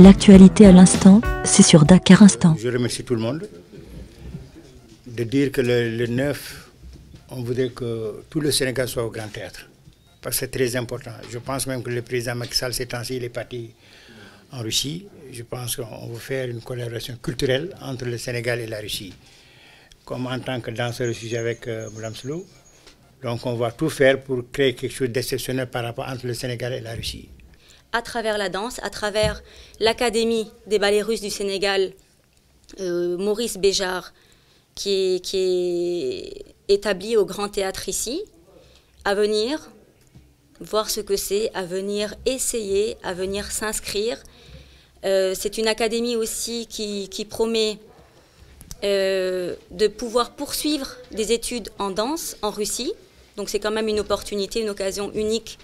L'actualité à l'instant, c'est sur Dakar Instant. Je remercie tout le monde de dire que le, 9, on voudrait que tout le Sénégal soit au Grand Théâtre. Parce que c'est très important. Je pense même que le président Macky Sall, ces temps-ci, il est parti en Russie. Je pense qu'on veut faire une collaboration culturelle entre le Sénégal et la Russie. Comme en tant que danseur sujet avec Mme euh, Slou. Donc on va tout faire pour créer quelque chose d'exceptionnel par rapport entre le Sénégal et la Russie à travers la danse, à travers l'Académie des ballets russes du Sénégal, euh, Maurice Béjar, qui est, établie établi au Grand Théâtre ici, à venir voir ce que c'est, à venir essayer, à venir s'inscrire. Euh, c'est une académie aussi qui, promet euh, de pouvoir poursuivre des études en danse en Russie. Donc c'est quand même une opportunité, une occasion unique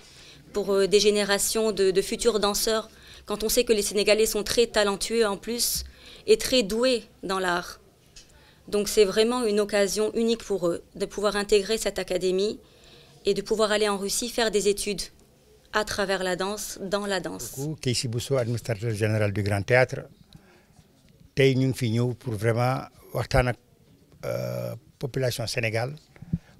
pour euh, des générations de, futurs danseurs, quand on sait que les Sénégalais sont très talentueux en plus et très doués dans l'art. Donc c'est vraiment une occasion unique pour eux de pouvoir intégrer cette académie et de pouvoir aller en Russie faire des études à travers la danse, dans la danse. Bousso, administrateur général du Grand Théâtre. pour vraiment la euh, population sénégalaise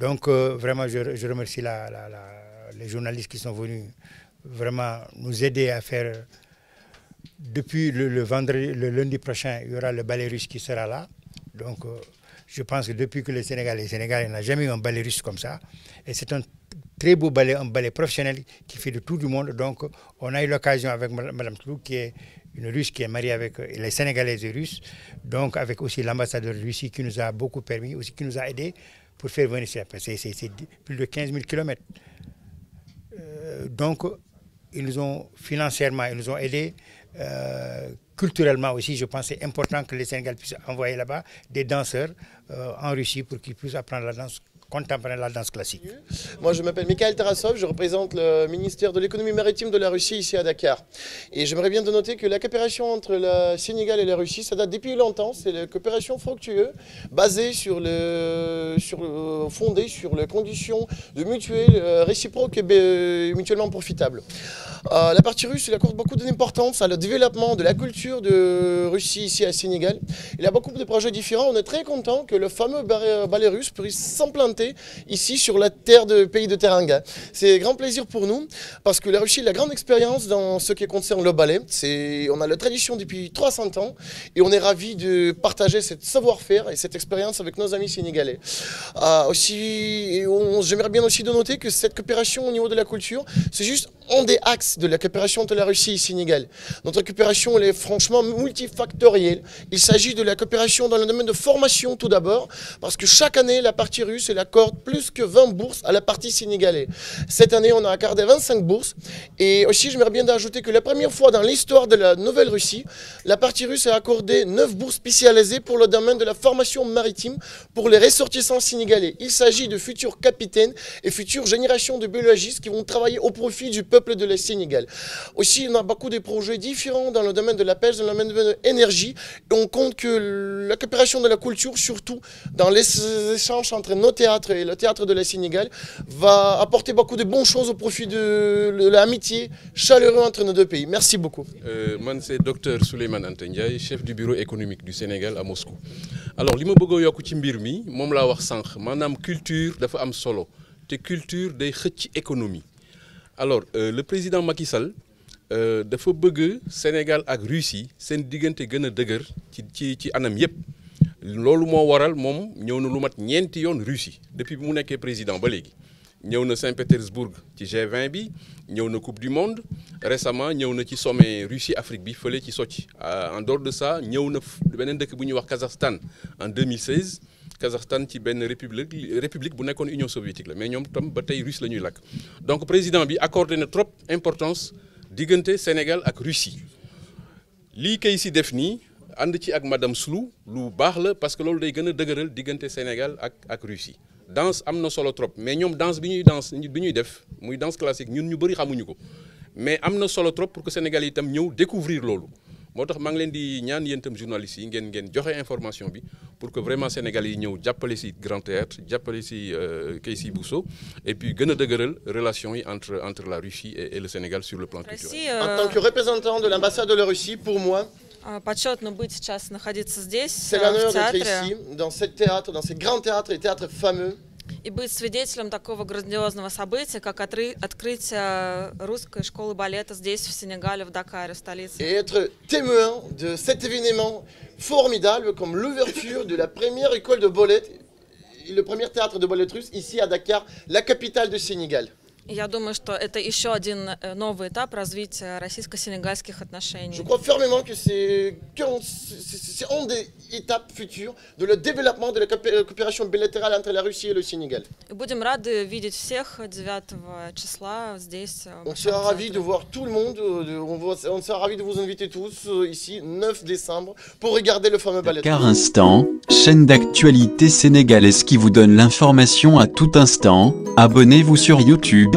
Donc, euh, vraiment, je, remercie les journalistes qui sont venus vraiment nous aider à faire. Euh, depuis le, vendredi, le lundi prochain, il y aura le ballet russe qui sera là. Donc, euh, je pense que depuis que le Sénégal est Sénégal, il n'a jamais eu un ballet russe comme ça. Et c'est un très beau ballet, un ballet professionnel qui fait de tout du monde. Donc, on a eu l'occasion avec Mme Tlou, qui est une Russe qui est mariée avec les Sénégalais et Russes, donc avec aussi l'ambassadeur de Russie qui nous a beaucoup permis, aussi qui nous a aidés pour faire venir ces C'est plus de 15 000 kilomètres. Euh, donc, ils nous ont financièrement, ils nous ont aidés. Euh, culturellement aussi, je pense que c'est important que les Sénégal puissent envoyer là-bas des danseurs euh, en Russie pour qu'ils puissent apprendre la danse contemporaine de la danse classique. Moi, je m'appelle Mikhail Tarasov, je représente le ministère de l'économie maritime de la Russie ici à Dakar. Et j'aimerais bien de noter que la coopération entre le Sénégal et la Russie, ça date depuis longtemps. C'est une coopération fructueuse, basée sur le, sur fondée sur les conditions de mutuelle, euh, réciproque et euh, mutuellement profitable. Euh, la partie russe, elle accorde beaucoup d'importance à le développement de la culture de Russie ici à Sénégal. Il y a beaucoup de projets différents. On est très content que le fameux ballet russe puisse s'implanter ici sur la terre de pays de Teranga. C'est grand plaisir pour nous parce que la Russie a la grande expérience dans ce qui concerne le ballet. C'est, on a la tradition depuis 300 ans et on est ravis de partager cette savoir-faire et cette expérience avec nos amis sénégalais. Ah, aussi, j'aimerais bien aussi de noter que cette coopération au niveau de la culture, c'est juste un des axes de la coopération entre la Russie et le Sénégal. Notre coopération, elle est franchement multifactorielle. Il s'agit de la coopération dans le domaine de formation tout d'abord, parce que chaque année, la partie russe, elle la accorde plus que 20 bourses à la partie sénégalaise. Cette année, on a accordé 25 bourses. Et aussi, j'aimerais bien d'ajouter que la première fois dans l'histoire de la Nouvelle-Russie, la partie russe a accordé 9 bourses spécialisées pour le domaine de la formation maritime pour les ressortissants sénégalais. Il s'agit de futurs capitaines et futures générations de biologistes qui vont travailler au profit du peuple de la Sénégal. Aussi, on a beaucoup de projets différents dans le domaine de la pêche, dans le domaine de l'énergie. Et on compte que la coopération de la culture, surtout dans les échanges entre nos théâtres, et le théâtre de la Sénégal va apporter beaucoup de bonnes choses au profit de l'amitié chaleureuse entre nos deux pays. Merci beaucoup. Euh, c'est docteur Souleymane Antendiaï, chef du bureau économique du Sénégal à Moscou. Alors, ce que je veux dire, c'est que la culture est am solo. La culture de économie. Alors, euh, le président Macky Sall, euh, dafa le Sénégal ak Russie seen diggante plus a dëgër ci ci anam loolu moo waral moom ñëw na lu mat ñeenti yoon Russie depuis bi mu nekkee président ba léegi ñëw Saint-Pétersbourg ci G20 bi ñëw na Coupe du Monde récemment nous na ci sommet Russie Afrique bi fële ci Sochi euh, en dehors de ça nous na beneen dëkk bu ñuy wax Kazakhstan en 2016 Kazakhstan est une république république bu nekkoon Union soviétique la mais ñoom tam ba russe la ñuy lakk donc président bi accordé na trop importance diggante Sénégal ak Russie Ce kay est def défini, And ci ak madame Slou lu bax la parce que loolu day gëna a dëgëral Sénégal ak ak Russie danse am solo trop mais ñom danse bi ñuy danse bi ñuy def muy danse classique ñun ñu bari xamuñu ko mais am solo trop pour que Sénégal itam ñëw découvrir loolu motax ma ngi leen di ñaan yéen itam yi ngeen ngeen information bi pour que vraiment Sénégal yi ñëw jàppale Grand Théâtre jappalé ci euh, Keysi Bousso et puis gëna a relation yi entre entre la Russie et le Sénégal sur le plan culturel. Euh, en tant que représentant de l'ambassade de la Russie pour moi почетно быть сейчас находиться здесь, в театре. dans ce théâtre, dans ce grand théâtre et théâtre fameux. И быть свидетелем такого грандиозного события, как отры... открытие русской школы балета здесь, в Сенегале, в Дакаре, в столице. Et être témoin de cet événement formidable comme l'ouverture de la première école de ballet, le premier théâtre de ballet russe ici à Dakar, la capitale du Sénégal. Я думаю, это один э, новый этап развития российско отношений. Je crois fermement que c'est une des étapes futures de le développement de la coopération bilatérale entre la Russie et le Sénégal. И будем рады видеть всех 9 числа здесь. Э, on sera ravi de voir tout le monde. Euh, on sera ravi de vous inviter tous euh, ici 9 décembre pour regarder le fameux ballet. Car instant, chaîne d'actualité sénégalaise qui vous donne l'information à tout instant. Abonnez-vous sur YouTube